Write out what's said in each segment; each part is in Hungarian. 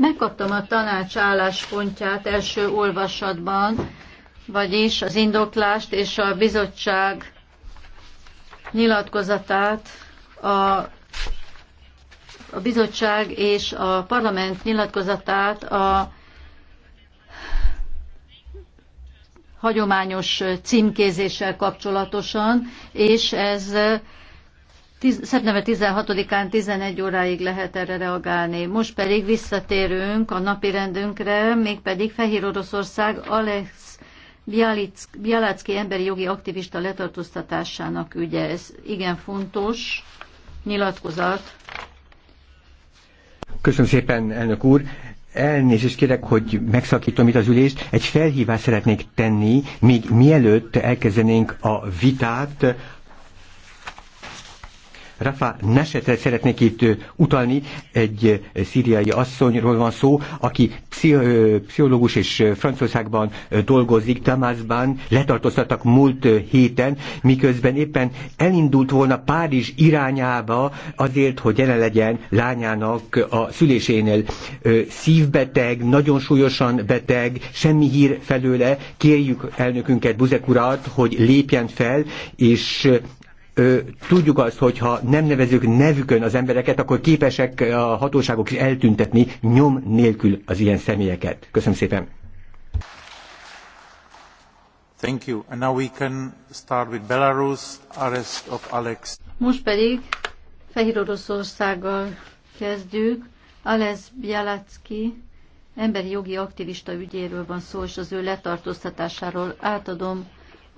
Megkaptam a tanács álláspontját első olvasatban, vagyis az indoklást és a bizottság nyilatkozatát a a bizottság és a parlament nyilatkozatát a hagyományos címkézéssel kapcsolatosan, és ez Szeptember 16-án 11 óráig lehet erre reagálni. Most pedig visszatérünk a napi rendünkre, mégpedig Fehér Oroszország Alex Bialacki emberi jogi aktivista letartóztatásának ügye. Ez igen fontos nyilatkozat. Köszönöm szépen, elnök úr. Elnézést kérek, hogy megszakítom itt az ülést. Egy felhívást szeretnék tenni, míg mielőtt elkezdenénk a vitát Rafa Nesetre szeretnék itt utalni, egy szíriai asszonyról van szó, aki pszichológus és Franciaországban dolgozik, Damaszban, letartóztattak múlt héten, miközben éppen elindult volna Párizs irányába azért, hogy jelen legyen lányának a szülésénél. Szívbeteg, nagyon súlyosan beteg, semmi hír felőle, kérjük elnökünket, Buzek urat, hogy lépjen fel, és tudjuk azt, hogyha nem nevezünk nevükön az embereket, akkor képesek a hatóságok is eltüntetni nyom nélkül az ilyen személyeket. Köszönöm szépen! Thank you. And now we can start with Belarus, arrest of Alex. Most pedig Fehér Oroszországgal kezdjük. Alex Bialacki, emberi jogi aktivista ügyéről van szó, és az ő letartóztatásáról átadom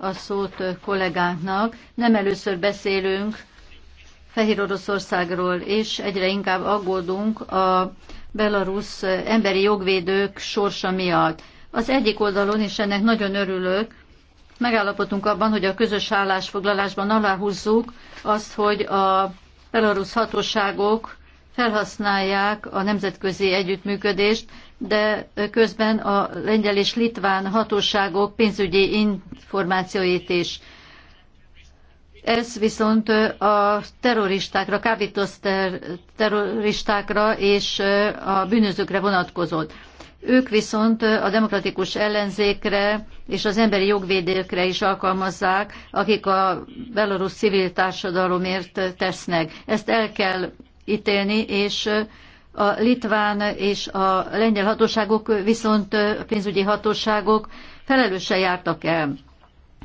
a szót kollégánknak. Nem először beszélünk Fehér Oroszországról, és egyre inkább aggódunk a belarusz emberi jogvédők sorsa miatt. Az egyik oldalon, és ennek nagyon örülök, megállapodtunk abban, hogy a közös állásfoglalásban aláhúzzuk azt, hogy a belarusz hatóságok felhasználják a nemzetközi együttműködést de közben a lengyel és litván hatóságok pénzügyi információit is. Ez viszont a terroristákra, kábítószer terroristákra és a bűnözőkre vonatkozott. Ők viszont a demokratikus ellenzékre és az emberi jogvédőkre is alkalmazzák, akik a belorusz civil társadalomért tesznek. Ezt el kell ítélni, és a litván és a lengyel hatóságok, viszont a pénzügyi hatóságok felelősen jártak el.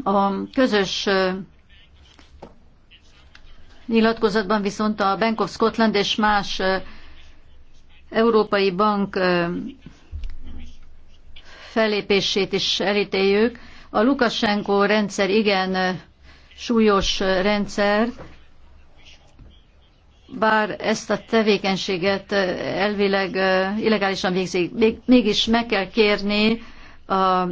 A közös nyilatkozatban viszont a Bank of Scotland és más európai bank fellépését is elítéljük. A Lukasenko rendszer igen súlyos rendszer, bár ezt a tevékenységet elvileg illegálisan végzik, mégis meg kell kérni a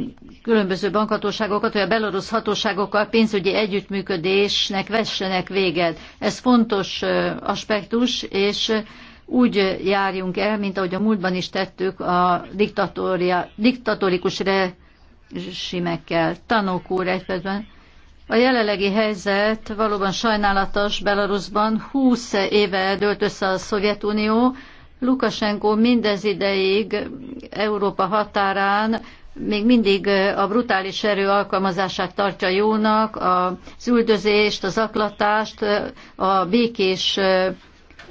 különböző bankhatóságokat, hogy a belorusz hatóságokkal pénzügyi együttműködésnek vessenek véget. Ez fontos aspektus, és úgy járjunk el, mint ahogy a múltban is tettük a diktatórikus rezsimekkel. Tanók úr, egy percben. A jelenlegi helyzet valóban sajnálatos Belarusban. 20 éve dőlt össze a Szovjetunió. Lukasenko mindez ideig Európa határán még mindig a brutális erő alkalmazását tartja jónak, az üldözést, az aklatást, a békés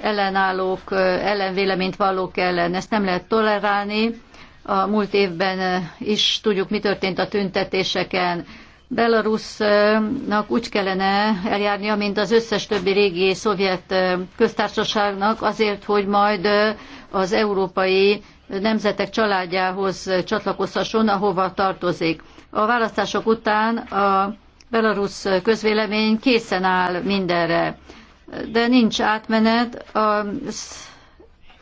ellenállók, ellenvéleményt vallók ellen. Ezt nem lehet tolerálni. A múlt évben is tudjuk, mi történt a tüntetéseken Belarusnak úgy kellene eljárnia, mint az összes többi régi szovjet köztársaságnak, azért, hogy majd az európai nemzetek családjához csatlakozhasson, ahova tartozik. A választások után a belarusz közvélemény készen áll mindenre, de nincs átmenet. Az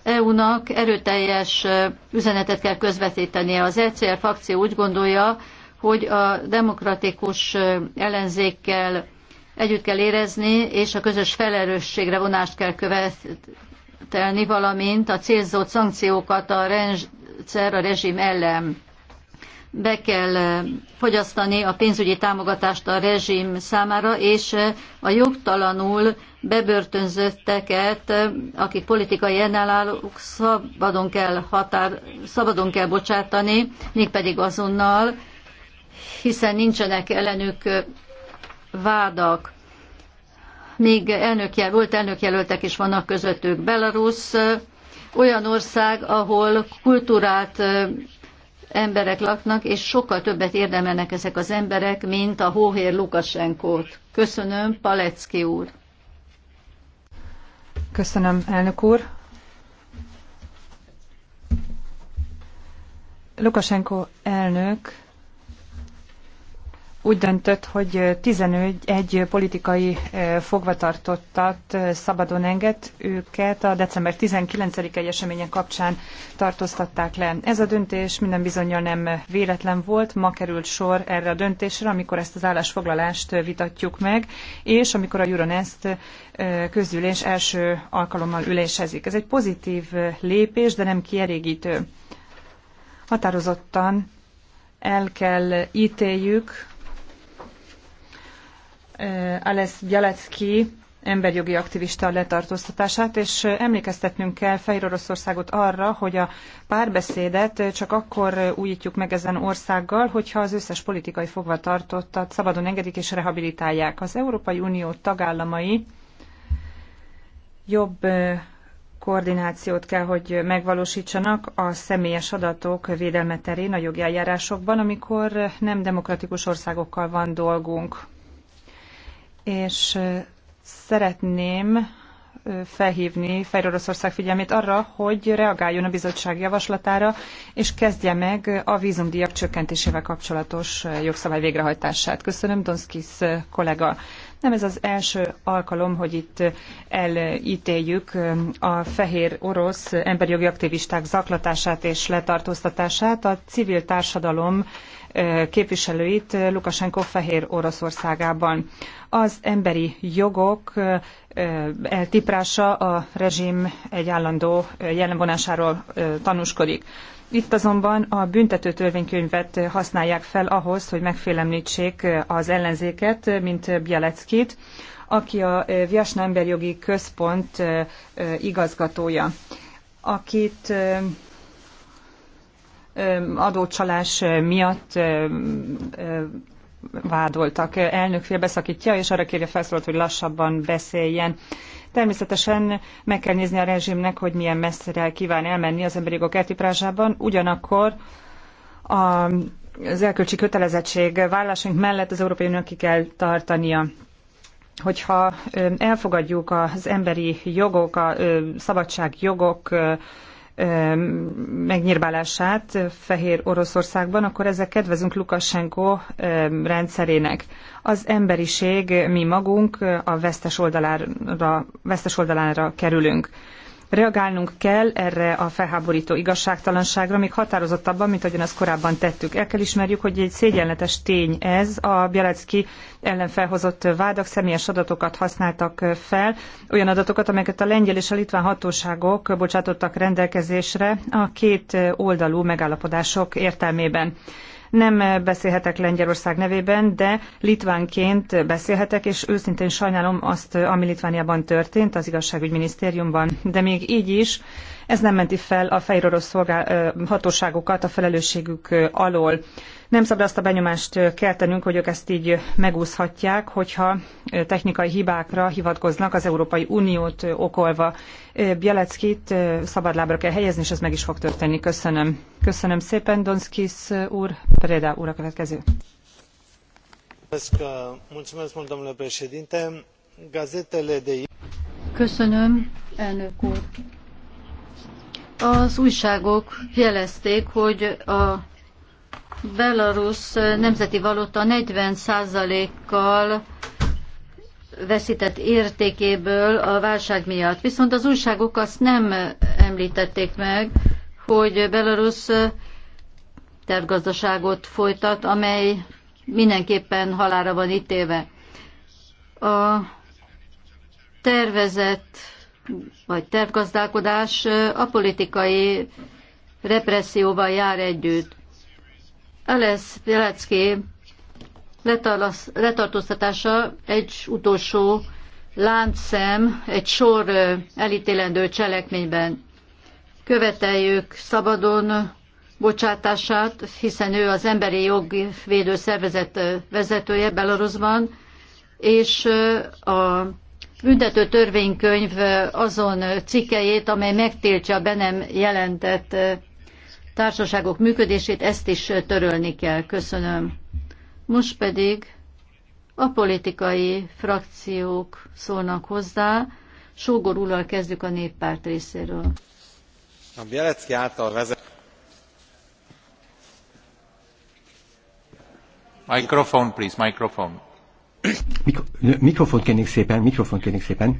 EU-nak erőteljes üzenetet kell közvetítenie. Az ECR frakció úgy gondolja, hogy a demokratikus ellenzékkel együtt kell érezni, és a közös felelősségre vonást kell követelni, valamint a célzott szankciókat a rendszer, a rezsim ellen. Be kell fogyasztani a pénzügyi támogatást a rezsim számára, és a jogtalanul bebörtönzötteket, akik politikai ellenállók, szabadon kell, határ, szabadon kell bocsátani, mégpedig azonnal, hiszen nincsenek ellenük vádak. Még elnökjel, volt elnökjelöltek is vannak közöttük. Belarus olyan ország, ahol kultúrát emberek laknak, és sokkal többet érdemelnek ezek az emberek, mint a hóhér Lukasenkót. Köszönöm, Palecki úr. Köszönöm, elnök úr. Lukasenko elnök úgy döntött, hogy 11 egy politikai fogvatartottat szabadon enged, őket a december 19-i események kapcsán tartóztatták le. Ez a döntés minden bizonyal nem véletlen volt, ma került sor erre a döntésre, amikor ezt az állásfoglalást vitatjuk meg, és amikor a Euronest közülés első alkalommal ülésezik. Ez egy pozitív lépés, de nem kielégítő. Határozottan el kell ítéljük Alesz emberi emberjogi aktivista letartóztatását, és emlékeztetnünk kell Fehér Oroszországot arra, hogy a párbeszédet csak akkor újítjuk meg ezen országgal, hogyha az összes politikai fogvatartottat szabadon engedik és rehabilitálják. Az Európai Unió tagállamai jobb koordinációt kell, hogy megvalósítsanak a személyes adatok védelme terén a jogi eljárásokban, amikor nem demokratikus országokkal van dolgunk és szeretném felhívni Fejr Oroszország figyelmét arra, hogy reagáljon a bizottság javaslatára, és kezdje meg a vízumdíjak csökkentésével kapcsolatos jogszabály végrehajtását. Köszönöm, Donskis kollega. Nem ez az első alkalom, hogy itt elítéljük a fehér orosz emberjogi aktivisták zaklatását és letartóztatását. A civil társadalom képviselőit Lukasenko fehér Oroszországában. Az emberi jogok eltiprása a rezsim egy állandó jelenvonásáról tanúskodik. Itt azonban a büntető törvénykönyvet használják fel ahhoz, hogy megfélemlítsék az ellenzéket, mint Bieleckit, aki a Viasna Emberjogi Központ igazgatója, akit adócsalás miatt vádoltak. Elnök félbeszakítja, és arra kérje felszólalt, hogy lassabban beszéljen. Természetesen meg kell nézni a rezsimnek, hogy milyen messzire kíván elmenni az emberi jogok eltiprásában, ugyanakkor a az elkölcsi kötelezettség vállásunk mellett az Európai Unió ki kell tartania hogyha elfogadjuk az emberi jogok, a szabadságjogok megnyírbálását Fehér Oroszországban, akkor ezzel kedvezünk Lukashenko rendszerének. Az emberiség, mi magunk a vesztes, oldalára, vesztes oldalára kerülünk. Reagálnunk kell erre a felháborító igazságtalanságra, még határozottabban, mint ahogyan azt korábban tettük. El kell ismerjük, hogy egy szégyenletes tény ez. A Bielecki ellen felhozott vádak személyes adatokat használtak fel, olyan adatokat, amelyeket a lengyel és a litván hatóságok bocsátottak rendelkezésre a két oldalú megállapodások értelmében. Nem beszélhetek Lengyelország nevében, de litvánként beszélhetek, és őszintén sajnálom azt, ami Litvániában történt, az igazságügyminisztériumban. De még így is ez nem menti fel a fejrorosz hatóságokat a felelősségük alól nem szabad azt a benyomást keltenünk, hogy ők ezt így megúszhatják, hogyha technikai hibákra hivatkoznak az Európai Uniót okolva. Bieleckit szabadlábra kell helyezni, és ez meg is fog történni. Köszönöm. Köszönöm szépen, Donskis úr. Preda úr a következő. Köszönöm, elnök úr. Az újságok jelezték, hogy a Belarus nemzeti valuta 40%-kal veszített értékéből a válság miatt. Viszont az újságok azt nem említették meg, hogy Belarus tervgazdaságot folytat, amely mindenképpen halára van ítélve. A tervezett vagy tervgazdálkodás a politikai represszióval jár együtt. Alesz Pilecki letartóztatása egy utolsó láncszem egy sor elítélendő cselekményben. Követeljük szabadon bocsátását, hiszen ő az emberi jogvédő szervezet vezetője Belarusban, és a büntető törvénykönyv azon cikkejét, amely megtiltja be nem jelentett társaságok működését, ezt is törölni kell. Köszönöm. Most pedig a politikai frakciók szólnak hozzá. Sógor úrral kezdjük a néppárt részéről. A Bielecki által vezet... Mikrofon, please, mikrofon. Mikro... Mikrofon kérnék szépen, mikrofon kérnék szépen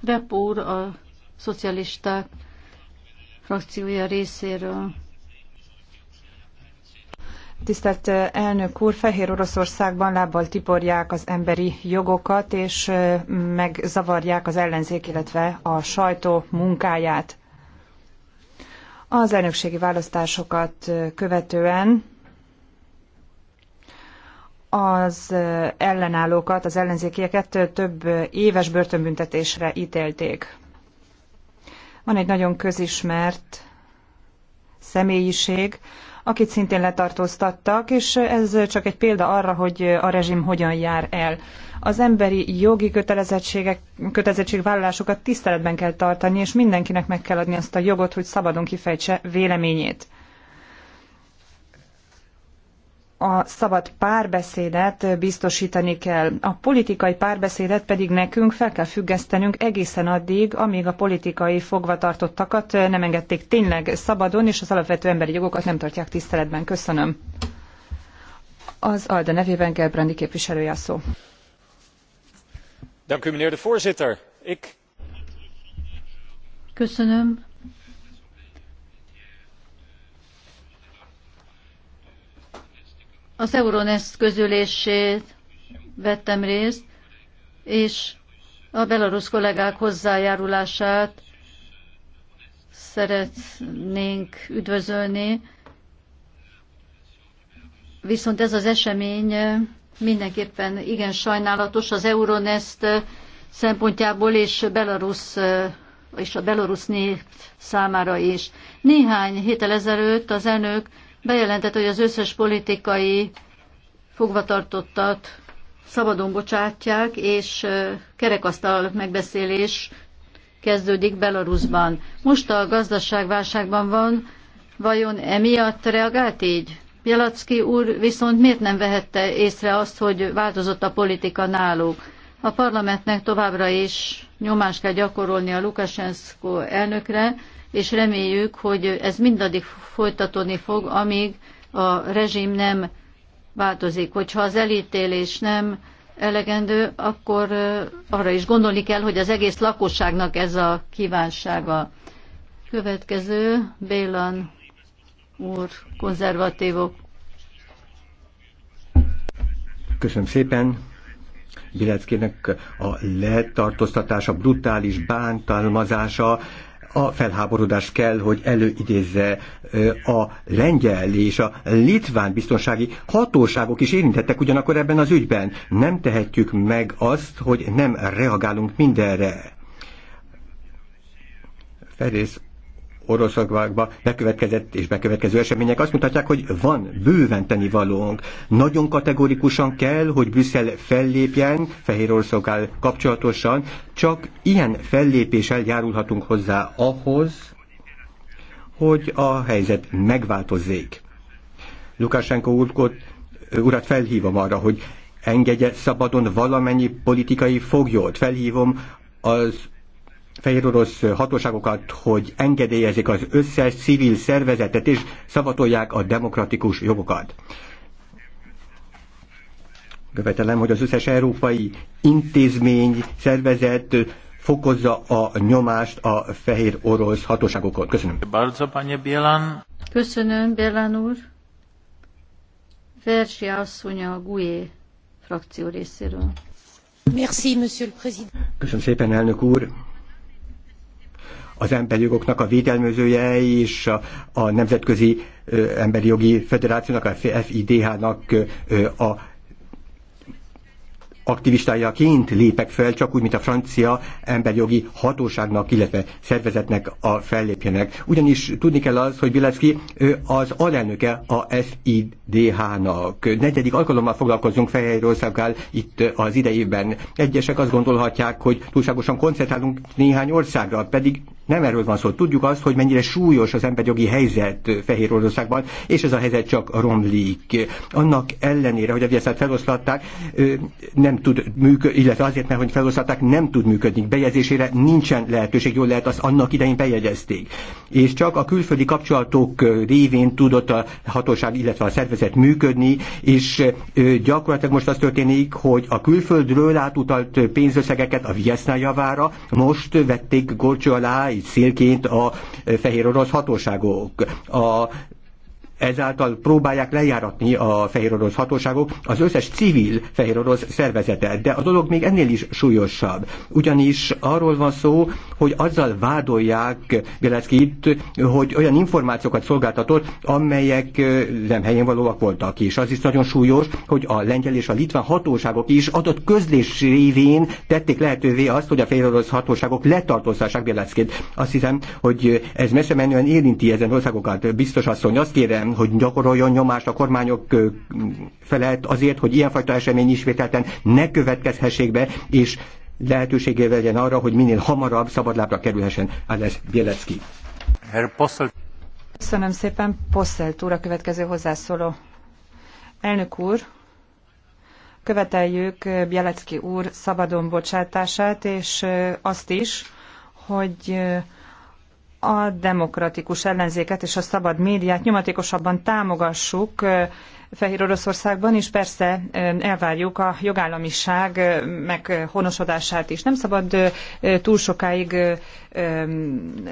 Bepp úr a szocialisták frakciója részéről. Tisztelt elnök úr, Fehér Oroszországban lábbal tiporják az emberi jogokat, és megzavarják az ellenzék, illetve a sajtó munkáját. Az elnökségi választásokat követően az ellenállókat, az ellenzékieket több éves börtönbüntetésre ítélték. Van egy nagyon közismert személyiség, akit szintén letartóztattak, és ez csak egy példa arra, hogy a rezsim hogyan jár el. Az emberi jogi kötelezettségek, kötelezettségvállalásokat tiszteletben kell tartani, és mindenkinek meg kell adni azt a jogot, hogy szabadon kifejtse véleményét a szabad párbeszédet biztosítani kell. A politikai párbeszédet pedig nekünk fel kell függesztenünk egészen addig, amíg a politikai fogvatartottakat nem engedték tényleg szabadon, és az alapvető emberi jogokat nem tartják tiszteletben. Köszönöm. Az ALDE nevében Gerbrandi képviselője a szó. Köszönöm, Az Euronest közülését vettem részt, és a belarusz kollégák hozzájárulását szeretnénk üdvözölni. Viszont ez az esemény mindenképpen igen sajnálatos az Euronest szempontjából és Belarus és a belarusz nép számára is. Néhány héttel ezelőtt az elnök bejelentett, hogy az összes politikai fogvatartottat szabadon bocsátják, és kerekasztal megbeszélés kezdődik Belarusban. Most a gazdaságválságban van, vajon emiatt reagált így? Jelacki úr viszont miért nem vehette észre azt, hogy változott a politika náluk? A parlamentnek továbbra is nyomást kell gyakorolni a Lukashenko elnökre, és reméljük, hogy ez mindaddig folytatódni fog, amíg a rezsim nem változik. Hogyha az elítélés nem elegendő, akkor arra is gondolni kell, hogy az egész lakosságnak ez a kívánsága. Következő, Bélan úr, konzervatívok. Köszönöm szépen. Bileckének a letartóztatása, brutális bántalmazása a felháborodás kell, hogy előidézze a lengyel és a litván biztonsági hatóságok is érintettek ugyanakkor ebben az ügyben. Nem tehetjük meg azt, hogy nem reagálunk mindenre. Ferész Oroszországban bekövetkezett és bekövetkező események azt mutatják, hogy van bőven tennivalónk. Nagyon kategorikusan kell, hogy Brüsszel fellépjen Fehér Oroszországgal kapcsolatosan, csak ilyen fellépéssel járulhatunk hozzá ahhoz, hogy a helyzet megváltozzék. Lukasenko úrkot, urat felhívom arra, hogy engedje szabadon valamennyi politikai foglyot. Felhívom az fehér orosz hatóságokat, hogy engedélyezik az összes civil szervezetet és szavatolják a demokratikus jogokat. Követelem, hogy az összes európai intézmény, szervezet fokozza a nyomást a fehér orosz hatóságokon. Köszönöm. Köszönöm, Bélán úr. Versi asszony a GUE frakció részéről. Merci, monsieur le président. Köszönöm szépen, elnök úr az emberi jogoknak a védelmezője és a, a Nemzetközi Emberi Jogi Federációnak, a FIDH-nak a aktivistájaként lépek fel, csak úgy, mint a francia emberjogi hatóságnak, illetve szervezetnek a fellépjenek. Ugyanis tudni kell az, hogy Bilecki az alelnöke a SIDH-nak. Negyedik alkalommal foglalkozunk Fehérországgal itt az idejében. Egyesek azt gondolhatják, hogy túlságosan koncentrálunk néhány országra, pedig nem erről van szó. Tudjuk azt, hogy mennyire súlyos az emberjogi helyzet Fehér és ez a helyzet csak romlik. Annak ellenére, hogy a Vieszát feloszlatták, nem nem tud működni, illetve azért, mert hogy feloszlatták, nem tud működni. Bejegyzésére nincsen lehetőség, jól lehet, azt annak idején bejegyezték. És csak a külföldi kapcsolatok révén tudott a hatóság, illetve a szervezet működni, és gyakorlatilag most az történik, hogy a külföldről átutalt pénzösszegeket a Vieszna javára most vették Gorcsó alá, így szélként a fehér orosz hatóságok. A Ezáltal próbálják lejáratni a fehér orosz hatóságok az összes civil fehér orosz szervezetet, de a dolog még ennél is súlyosabb. Ugyanis arról van szó, hogy azzal vádolják Beleckit, hogy olyan információkat szolgáltatott, amelyek nem helyén valóak voltak. És az is nagyon súlyos, hogy a lengyel és a litván hatóságok is adott közlés révén tették lehetővé azt, hogy a fehér orosz hatóságok letartóztassák Beleckit. Azt hiszem, hogy ez messze menően érinti ezen országokat. Biztos asszony, azt kérem, Erdogan, hogy gyakoroljon nyomást a kormányok felett azért, hogy ilyenfajta esemény ismételten ne következhessék be, és lehetőségé legyen arra, hogy minél hamarabb szabadlábra kerülhessen Alex Bielecki. Köszönöm szépen, Posselt úr, a következő hozzászóló. Elnök úr, követeljük Bielecki úr szabadon bocsátását, és azt is, hogy a demokratikus ellenzéket és a szabad médiát nyomatékosabban támogassuk Fehér Oroszországban, és persze elvárjuk a jogállamiság meghonosodását is. Nem szabad túl sokáig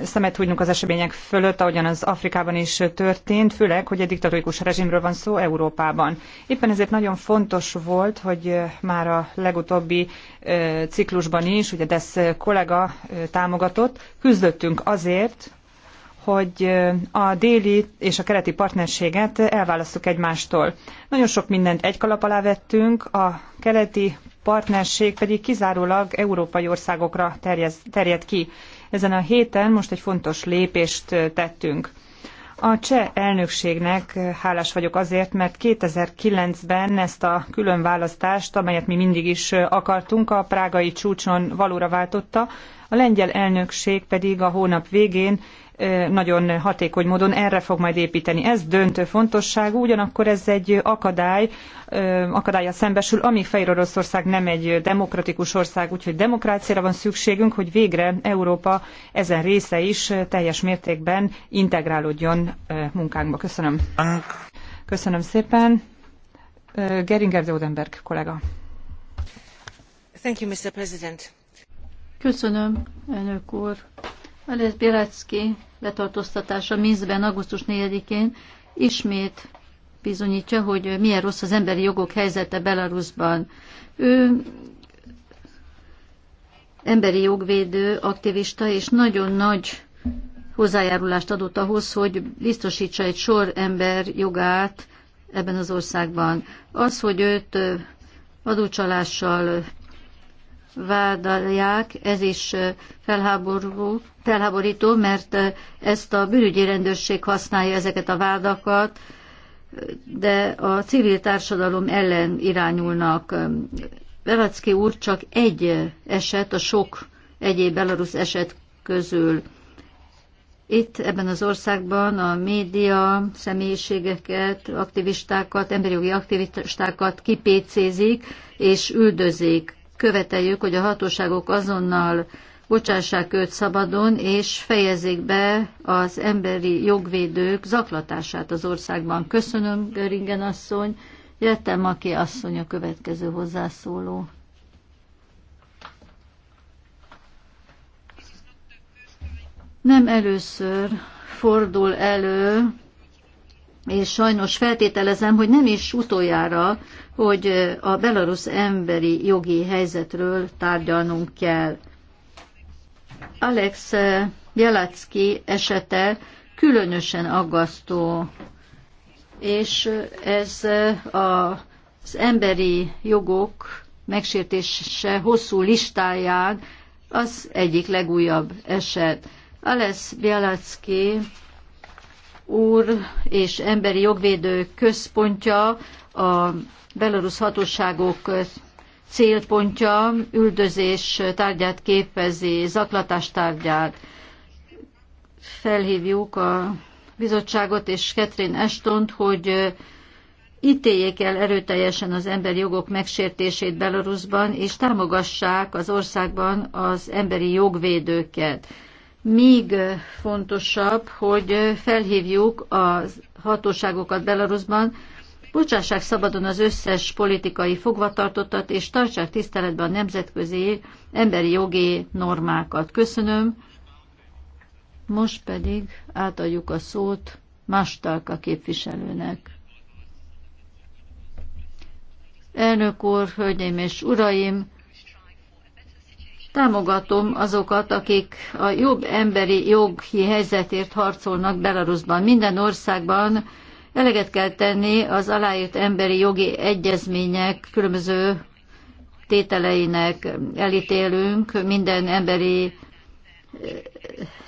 szemet húgynunk az események fölött, ahogyan az Afrikában is történt, főleg, hogy egy diktatórikus rezsimről van szó Európában. Éppen ezért nagyon fontos volt, hogy már a legutóbbi ciklusban is, ugye Desz kollega támogatott, küzdöttünk azért, hogy a déli és a keleti partnerséget elválasztjuk egymástól. Nagyon sok mindent egy kalap alá vettünk, a keleti partnerség pedig kizárólag európai országokra terjez, terjed ki. Ezen a héten most egy fontos lépést tettünk. A cseh elnökségnek hálás vagyok azért, mert 2009-ben ezt a külön választást, amelyet mi mindig is akartunk, a prágai csúcson valóra váltotta, a lengyel elnökség pedig a hónap végén nagyon hatékony módon erre fog majd építeni. Ez döntő fontosságú, ugyanakkor ez egy akadály, akadálya szembesül, ami Fehér Oroszország nem egy demokratikus ország, úgyhogy demokráciára van szükségünk, hogy végre Európa ezen része is teljes mértékben integrálódjon munkánkba. Köszönöm. Köszönöm szépen. Geringer Zodenberg kollega. Thank you, Mr. President. Köszönöm, elnök úr. Alex Bielacki letartóztatása Minszben augusztus 4-én ismét bizonyítja, hogy milyen rossz az emberi jogok helyzete Belarusban. Ő emberi jogvédő, aktivista, és nagyon nagy hozzájárulást adott ahhoz, hogy biztosítsa egy sor ember jogát ebben az országban. Az, hogy őt adócsalással vádalják, ez is felháború, felháborító, mert ezt a bűnügyi rendőrség használja ezeket a vádakat, de a civil társadalom ellen irányulnak. Velacki úr csak egy eset, a sok egyéb belarusz eset közül. Itt ebben az országban a média személyiségeket, aktivistákat, emberi jogi aktivistákat kipécézik és üldözik követeljük, hogy a hatóságok azonnal bocsássák őt szabadon, és fejezzék be az emberi jogvédők zaklatását az országban. Köszönöm, Göringen asszony. Jöttem, aki asszony a következő hozzászóló. Nem először fordul elő, és sajnos feltételezem, hogy nem is utoljára, hogy a belarusz emberi jogi helyzetről tárgyalnunk kell. Alex Jelacki esete különösen aggasztó, és ez az emberi jogok megsértése hosszú listáján az egyik legújabb eset. Alex Bialacki úr és emberi jogvédő központja, a belarusz hatóságok célpontja, üldözés tárgyát képezi, zaklatás tárgyát. Felhívjuk a bizottságot és Ketrin Estont, hogy ítéljék el erőteljesen az emberi jogok megsértését Belarusban, és támogassák az országban az emberi jogvédőket még fontosabb, hogy felhívjuk a hatóságokat Belarusban, bocsássák szabadon az összes politikai fogvatartottat, és tartsák tiszteletbe a nemzetközi emberi jogi normákat. Köszönöm. Most pedig átadjuk a szót Mastalka képviselőnek. Elnök úr, hölgyeim és uraim, Támogatom azokat, akik a jobb emberi jogi helyzetért harcolnak Belarusban. Minden országban eleget kell tenni az aláírt emberi jogi egyezmények különböző tételeinek elítélünk minden emberi eh,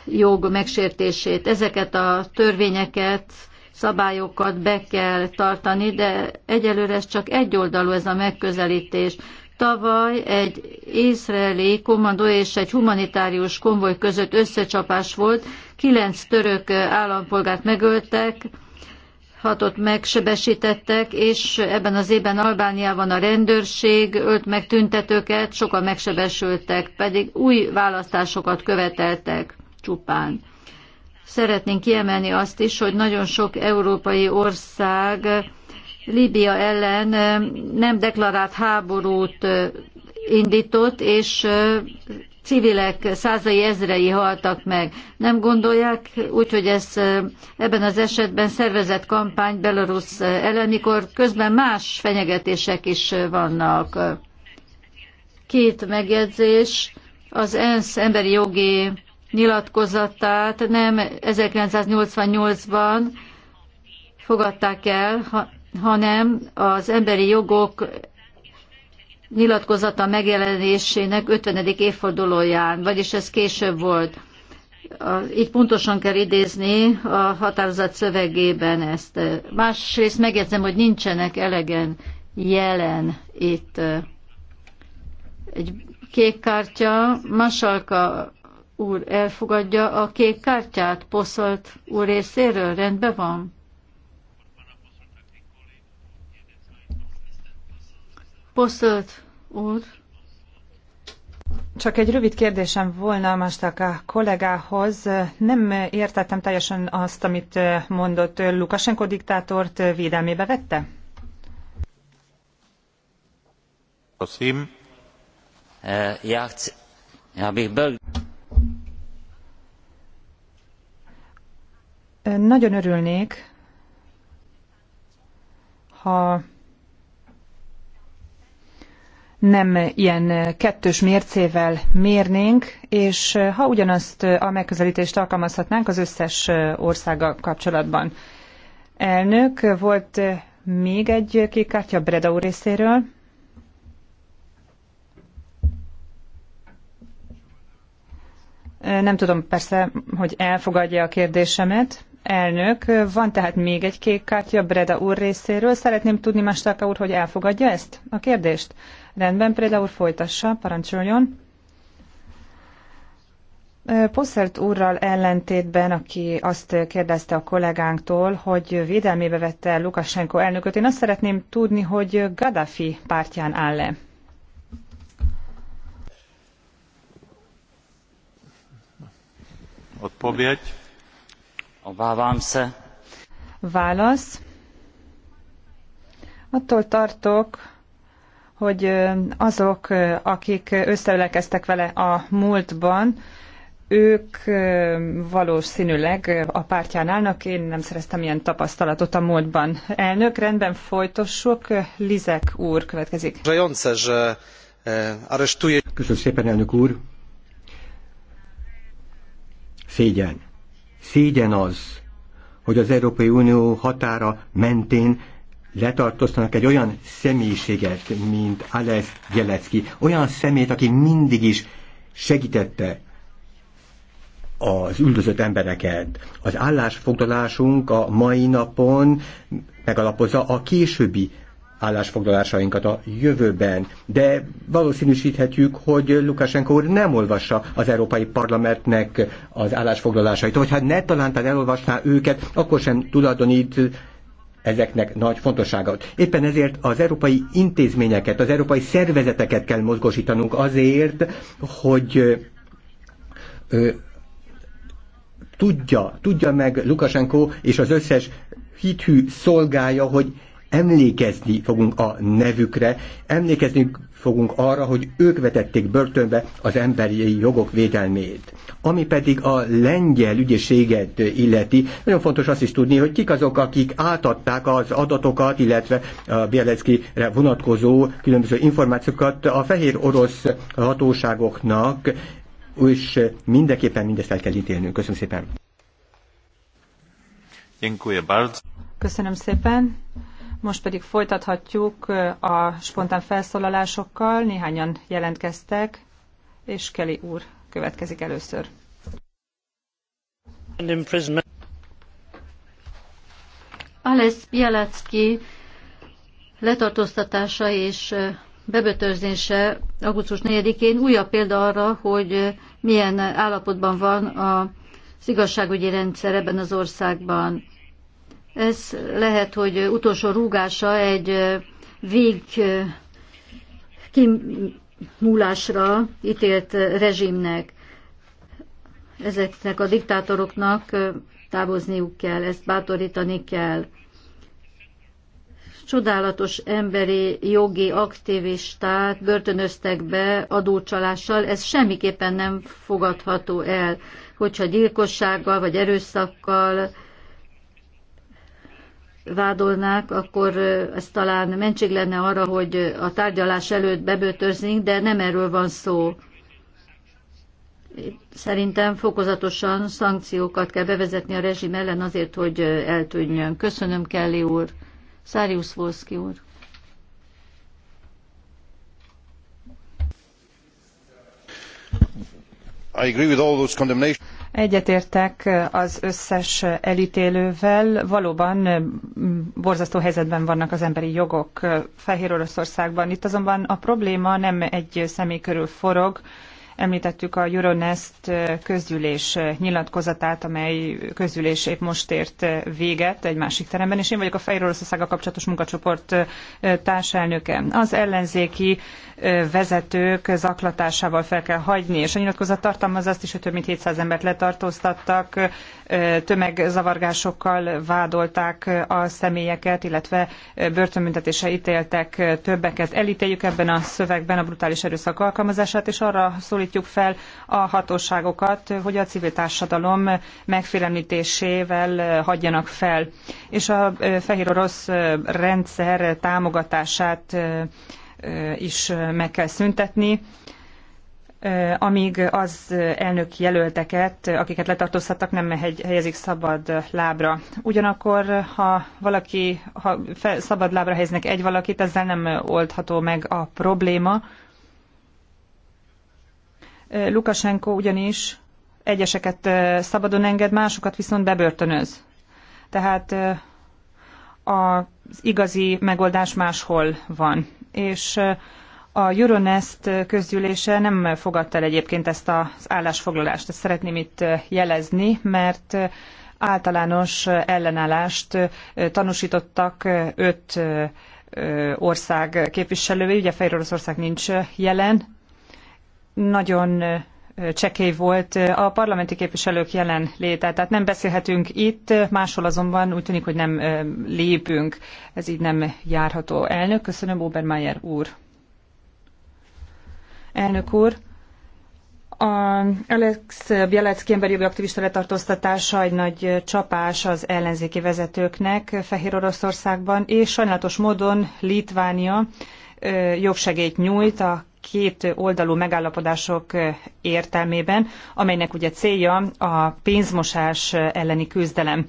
jog megsértését. Ezeket a törvényeket, szabályokat be kell tartani, de egyelőre ez csak egyoldalú ez a megközelítés. Tavaly egy izraeli kommandó és egy humanitárius konvoj között összecsapás volt, kilenc török állampolgárt megöltek, hatot megsebesítettek, és ebben az évben Albániában a rendőrség ölt meg tüntetőket, sokan megsebesültek, pedig új választásokat követeltek csupán. Szeretnénk kiemelni azt is, hogy nagyon sok európai ország Líbia ellen nem deklarált háborút indított, és civilek százai ezrei haltak meg. Nem gondolják úgy, hogy ez ebben az esetben szervezett kampány Belarus ellen, mikor közben más fenyegetések is vannak. Két megjegyzés. Az ENSZ emberi jogi nyilatkozatát nem 1988-ban fogadták el, hanem az emberi jogok nyilatkozata megjelenésének 50. évfordulóján, vagyis ez később volt. Így pontosan kell idézni a határozat szövegében ezt. Másrészt megjegyzem, hogy nincsenek elegen jelen itt. Egy kék kártya, Masalka úr elfogadja a kék kártyát, poszolt úr részéről, rendben van? Posztolt úr. Csak egy rövid kérdésem volna a kollégához. Nem értettem teljesen azt, amit mondott Lukasenko diktátort védelmébe vette? Köszönöm. E, Nagyon örülnék, ha nem ilyen kettős mércével mérnénk, és ha ugyanazt a megközelítést alkalmazhatnánk az összes országgal kapcsolatban. Elnök, volt még egy kék kártya Breda úr részéről. Nem tudom persze, hogy elfogadja a kérdésemet. Elnök, van tehát még egy kék kártya Breda úr részéről. Szeretném tudni, Mastáka úr, hogy elfogadja ezt a kérdést? Rendben, Breda úr folytassa, parancsoljon. Posselt úrral ellentétben, aki azt kérdezte a kollégánktól, hogy védelmébe vette Lukasenko elnököt, én azt szeretném tudni, hogy Gaddafi pártján áll-e. Odpowiedź. Obávám se. Válasz. Attól tartok, hogy azok, akik összeülekeztek vele a múltban, ők valószínűleg a pártján állnak, én nem szereztem ilyen tapasztalatot a múltban. Elnök, rendben folytassuk, Lizek úr következik. E, Köszönöm szépen, elnök úr. Szégyen. Szégyen az, hogy az Európai Unió határa mentén letartóztanak egy olyan személyiséget, mint Alex Jelecki, olyan szemét, aki mindig is segítette az üldözött embereket. Az állásfoglalásunk a mai napon megalapozza a későbbi állásfoglalásainkat a jövőben, de valószínűsíthetjük, hogy Lukasenko úr nem olvassa az Európai Parlamentnek az állásfoglalásait. Hogyha ne talán elolvasná őket, akkor sem tulajdonít ezeknek nagy fontosságot. Éppen ezért az európai intézményeket, az európai szervezeteket kell mozgósítanunk azért, hogy ö, tudja, tudja meg Lukasenko és az összes hithű szolgája, hogy emlékezni fogunk a nevükre, emlékezni fogunk arra, hogy ők vetették börtönbe az emberi jogok védelmét. Ami pedig a lengyel ügyészséget illeti, nagyon fontos azt is tudni, hogy kik azok, akik átadták az adatokat, illetve a Bieleckire vonatkozó különböző információkat a fehér orosz hatóságoknak, és mindenképpen mindezt el kell ítélnünk. Köszönöm szépen! Köszönöm szépen. Most pedig folytathatjuk a spontán felszólalásokkal. Néhányan jelentkeztek, és Kelly úr következik először. Alesz Bielecki letartóztatása és bebötörzése augusztus 4-én újabb példa arra, hogy milyen állapotban van az igazságügyi rendszer ebben az országban ez lehet, hogy utolsó rúgása egy vég kimúlásra ítélt rezsimnek. Ezeknek a diktátoroknak távozniuk kell, ezt bátorítani kell. Csodálatos emberi jogi aktivistát börtönöztek be adócsalással, ez semmiképpen nem fogadható el, hogyha gyilkossággal vagy erőszakkal vádolnák, akkor ez talán mentség lenne arra, hogy a tárgyalás előtt bebőtörzünk, de nem erről van szó. Szerintem fokozatosan szankciókat kell bevezetni a rezsim ellen azért, hogy eltűnjön. Köszönöm, Kelly úr. Száriusz Volszki úr. I agree with all those condemnations. Egyetértek az összes elítélővel, valóban borzasztó helyzetben vannak az emberi jogok Fehér Oroszországban. Itt azonban a probléma nem egy személy körül forog, Említettük a Euronest közgyűlés nyilatkozatát, amely közgyűlés épp most ért véget egy másik teremben, és én vagyok a Fehér Oroszországgal kapcsolatos munkacsoport társelnöke. Az ellenzéki vezetők zaklatásával fel kell hagyni, és a nyilatkozat tartalmaz azt is, hogy több mint 700 embert letartóztattak, tömegzavargásokkal vádolták a személyeket, illetve börtönbüntetése ítéltek többeket. Elítéljük ebben a szövegben a brutális erőszak alkalmazását, és arra szólít szólítjuk fel a hatóságokat, hogy a civil társadalom megfélemlítésével hagyjanak fel. És a fehér orosz rendszer támogatását is meg kell szüntetni amíg az elnök jelölteket, akiket letartóztattak, nem helyezik szabad lábra. Ugyanakkor, ha valaki, ha szabad lábra helyeznek egy valakit, ezzel nem oldható meg a probléma, Lukasenko ugyanis egyeseket szabadon enged, másokat viszont bebörtönöz. Tehát az igazi megoldás máshol van. És a Euronest közgyűlése nem fogadta el egyébként ezt az állásfoglalást. Ezt szeretném itt jelezni, mert általános ellenállást tanúsítottak öt ország képviselői, ugye Fehér Oroszország nincs jelen, nagyon csekély volt a parlamenti képviselők jelenléte, tehát nem beszélhetünk itt, máshol azonban úgy tűnik, hogy nem lépünk. Ez így nem járható. Elnök, köszönöm, Obermeier úr. Elnök úr, a Alex Bielecki emberjogi aktivista letartóztatása egy nagy csapás az ellenzéki vezetőknek Fehér Oroszországban, és sajnálatos módon Litvánia jogsegélyt nyújt a két oldalú megállapodások értelmében, amelynek ugye célja a pénzmosás elleni küzdelem.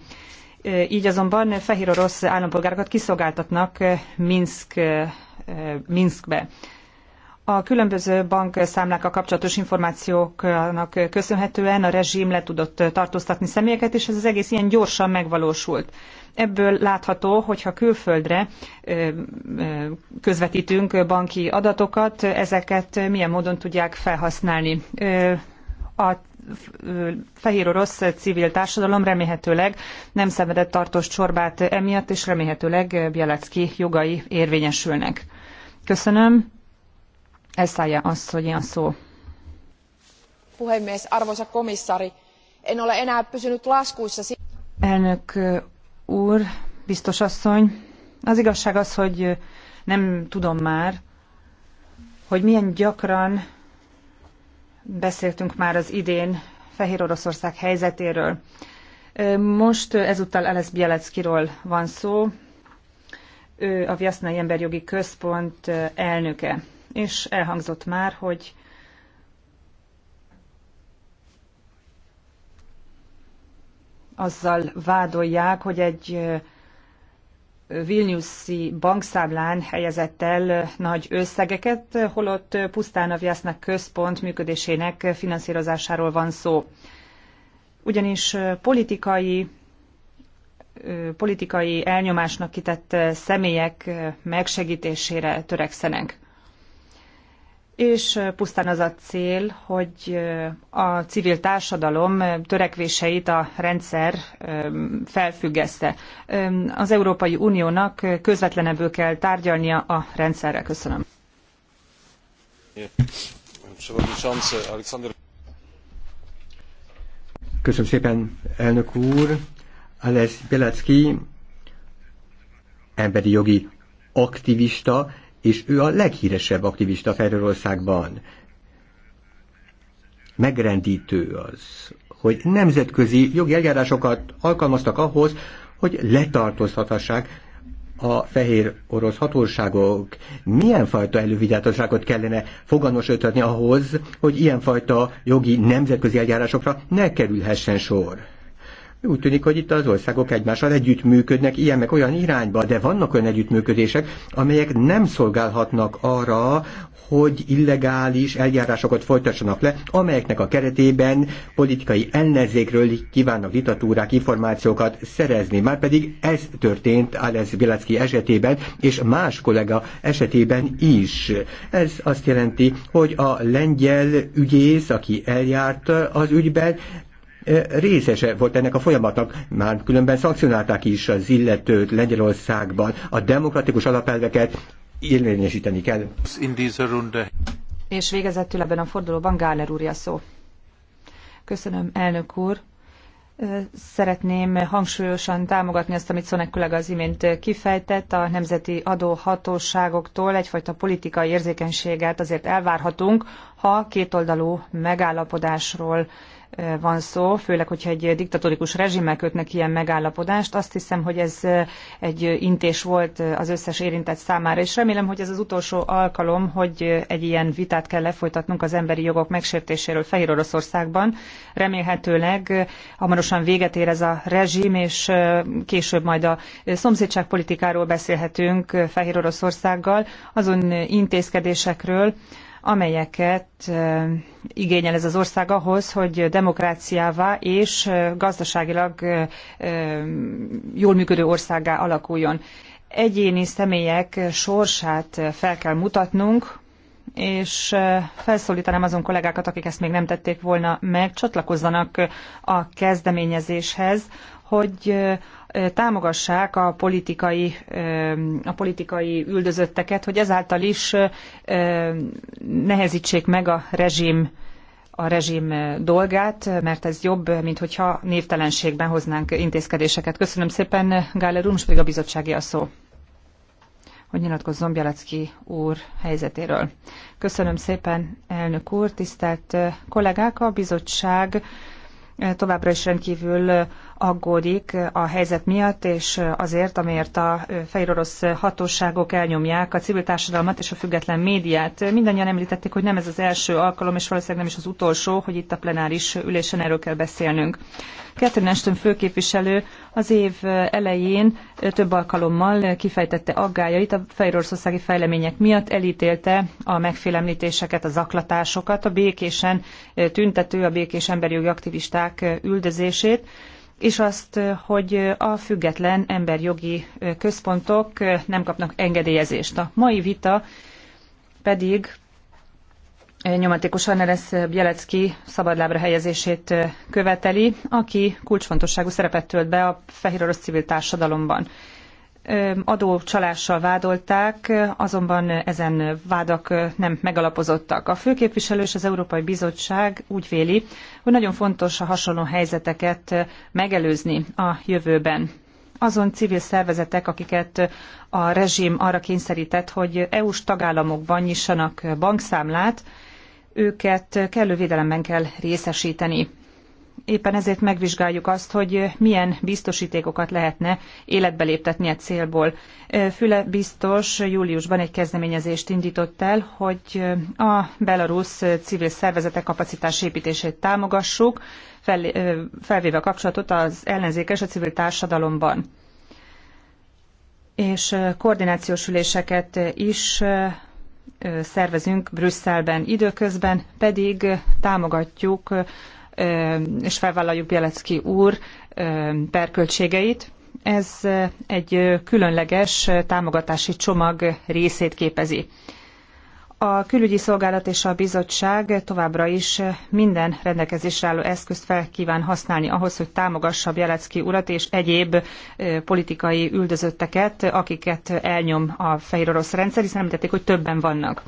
Így azonban fehér orosz állampolgárokat kiszolgáltatnak Minsk, Minskbe. A különböző bankszámlákkal kapcsolatos információknak köszönhetően a rezsim le tudott tartóztatni személyeket, és ez az egész ilyen gyorsan megvalósult. Ebből látható, hogyha külföldre közvetítünk banki adatokat, ezeket milyen módon tudják felhasználni. A fehér orosz civil társadalom remélhetőleg nem szenvedett tartós csorbát emiatt, és remélhetőleg Bielecki jogai érvényesülnek. Köszönöm. Eszája hogy ilyen szó. Puhemies, arvoisa komissári, en ole enää pysynyt laskuissa. Elnök úr, biztos asszony, az igazság az, hogy nem tudom már, hogy milyen gyakran beszéltünk már az idén Fehér Oroszország helyzetéről. Most ezúttal Elesz Bieleckiról van szó, ő a Vjasznai Emberjogi Központ elnöke, és elhangzott már, hogy azzal vádolják, hogy egy Vilniuszi bankszámlán helyezett el nagy összegeket, holott pusztán a viasznak központ működésének finanszírozásáról van szó. Ugyanis politikai, politikai elnyomásnak kitett személyek megsegítésére törekszenek és pusztán az a cél, hogy a civil társadalom törekvéseit a rendszer felfüggeszte. Az Európai Uniónak közvetlenebből kell tárgyalnia a rendszerrel. Köszönöm. Köszönöm szépen, elnök úr. Alex Belecki, emberi jogi aktivista, és ő a leghíresebb aktivista Fehérországban. Megrendítő az, hogy nemzetközi jogi eljárásokat alkalmaztak ahhoz, hogy letartóztathassák a fehér orosz hatóságok milyen fajta elővigyátosságot kellene foganosítani ahhoz, hogy ilyenfajta jogi nemzetközi eljárásokra ne kerülhessen sor. Úgy tűnik, hogy itt az országok egymással együttműködnek ilyen meg olyan irányba, de vannak olyan együttműködések, amelyek nem szolgálhatnak arra, hogy illegális eljárásokat folytassanak le, amelyeknek a keretében politikai ellenzékről kívánnak diktatúrák információkat szerezni. Márpedig ez történt Alex Bilecki esetében, és más kollega esetében is. Ez azt jelenti, hogy a lengyel ügyész, aki eljárt az ügyben, részese volt ennek a folyamatnak, már különben szankcionálták is az illetőt Lengyelországban. A demokratikus alapelveket érvényesíteni kell. És végezetül ebben a fordulóban Gáler úr szó. Köszönöm, elnök úr. Szeretném hangsúlyosan támogatni azt, amit Szonek kollega az imént kifejtett, a nemzeti adóhatóságoktól egyfajta politikai érzékenységet azért elvárhatunk, ha kétoldalú megállapodásról van szó, főleg, hogyha egy diktatórikus rezsimmel kötnek ilyen megállapodást. Azt hiszem, hogy ez egy intés volt az összes érintett számára, és remélem, hogy ez az utolsó alkalom, hogy egy ilyen vitát kell lefolytatnunk az emberi jogok megsértéséről Fehér Oroszországban. Remélhetőleg hamarosan véget ér ez a rezsim, és később majd a szomszédságpolitikáról beszélhetünk Fehér Oroszországgal, azon intézkedésekről, amelyeket igényel ez az ország ahhoz, hogy demokráciává és gazdaságilag jól működő országá alakuljon. Egyéni személyek sorsát fel kell mutatnunk, és felszólítanám azon kollégákat, akik ezt még nem tették volna meg, csatlakozzanak a kezdeményezéshez, hogy támogassák a politikai, a politikai üldözötteket, hogy ezáltal is nehezítsék meg a rezsim a rezsim dolgát, mert ez jobb, mint hogyha névtelenségben hoznánk intézkedéseket. Köszönöm szépen, Gáler úr, most pedig a bizottsági a szó hogy nyilatkozzon Bielecki úr helyzetéről. Köszönöm szépen, elnök úr, tisztelt kollégák, a bizottság továbbra is rendkívül aggódik a helyzet miatt, és azért, amiért a fehér orosz hatóságok elnyomják a civil társadalmat és a független médiát. Mindannyian említették, hogy nem ez az első alkalom, és valószínűleg nem is az utolsó, hogy itt a plenáris ülésen erről kell beszélnünk. Catherine Ashton főképviselő az év elején több alkalommal kifejtette aggájait a fejrországi fejlemények miatt, elítélte a megfélemlítéseket, a zaklatásokat, a békésen tüntető, a békés emberi jogi aktivisták üldözését, és azt, hogy a független emberjogi központok nem kapnak engedélyezést. A mai vita pedig nyomatékosan Eresz Bielecki szabadlábra helyezését követeli, aki kulcsfontosságú szerepet tölt be a fehér orosz civil társadalomban adócsalással vádolták, azonban ezen vádak nem megalapozottak. A főképviselő és az Európai Bizottság úgy véli, hogy nagyon fontos a hasonló helyzeteket megelőzni a jövőben. Azon civil szervezetek, akiket a rezsim arra kényszerített, hogy EU-s tagállamokban nyissanak bankszámlát, őket kellő védelemben kell részesíteni éppen ezért megvizsgáljuk azt, hogy milyen biztosítékokat lehetne életbe léptetni a célból. Füle biztos júliusban egy kezdeményezést indított el, hogy a belarusz civil szervezetek kapacitásépítését támogassuk, fel, felvéve a kapcsolatot az ellenzékes a civil társadalomban. És koordinációs üléseket is szervezünk Brüsszelben. Időközben pedig támogatjuk és felvállaljuk Bielecki úr perköltségeit. Ez egy különleges támogatási csomag részét képezi. A külügyi szolgálat és a bizottság továbbra is minden rendelkezésre álló eszközt fel kíván használni ahhoz, hogy támogassa Bielecki urat és egyéb politikai üldözötteket, akiket elnyom a fehér orosz rendszer, hiszen említették, hogy többen vannak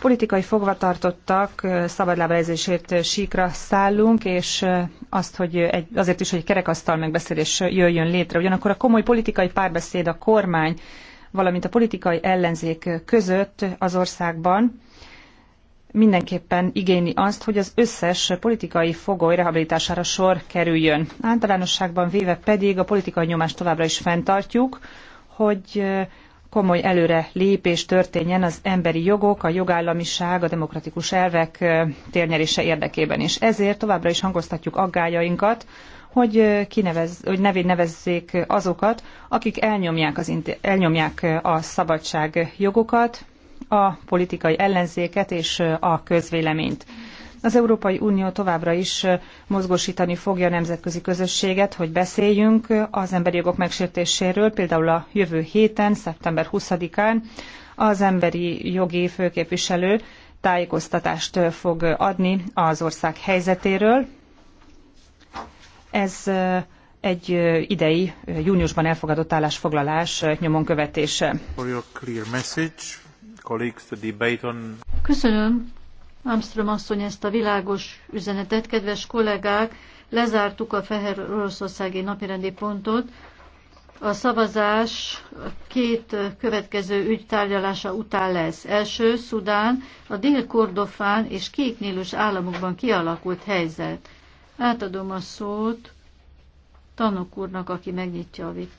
politikai fogvatartottak szabadlábelezését síkra szállunk, és azt, hogy egy, azért is, hogy kerekasztal megbeszélés jöjjön létre. Ugyanakkor a komoly politikai párbeszéd a kormány, valamint a politikai ellenzék között az országban mindenképpen igényli azt, hogy az összes politikai fogoly rehabilitására sor kerüljön. Általánosságban véve pedig a politikai nyomást továbbra is fenntartjuk, hogy komoly előre lépés történjen az emberi jogok, a jogállamiság, a demokratikus elvek térnyerése érdekében is. Ezért továbbra is hangoztatjuk aggájainkat, hogy, kinevez, hogy nevén nevezzék azokat, akik elnyomják, az, elnyomják a szabadság jogokat, a politikai ellenzéket és a közvéleményt. Az Európai Unió továbbra is mozgósítani fogja a nemzetközi közösséget, hogy beszéljünk az emberi jogok megsértéséről, például a jövő héten, szeptember 20-án az emberi jogi főképviselő tájékoztatást fog adni az ország helyzetéről. Ez egy idei júniusban elfogadott állásfoglalás nyomon követése. Köszönöm Armstrong asszony ezt a világos üzenetet. Kedves kollégák, lezártuk a Fehér Oroszországi napirendi pontot. A szavazás két következő ügy tárgyalása után lesz. Első, Szudán, a Dél-Kordofán és Kéknélős államokban kialakult helyzet. Átadom a szót tanok úrnak, aki megnyitja a vitát.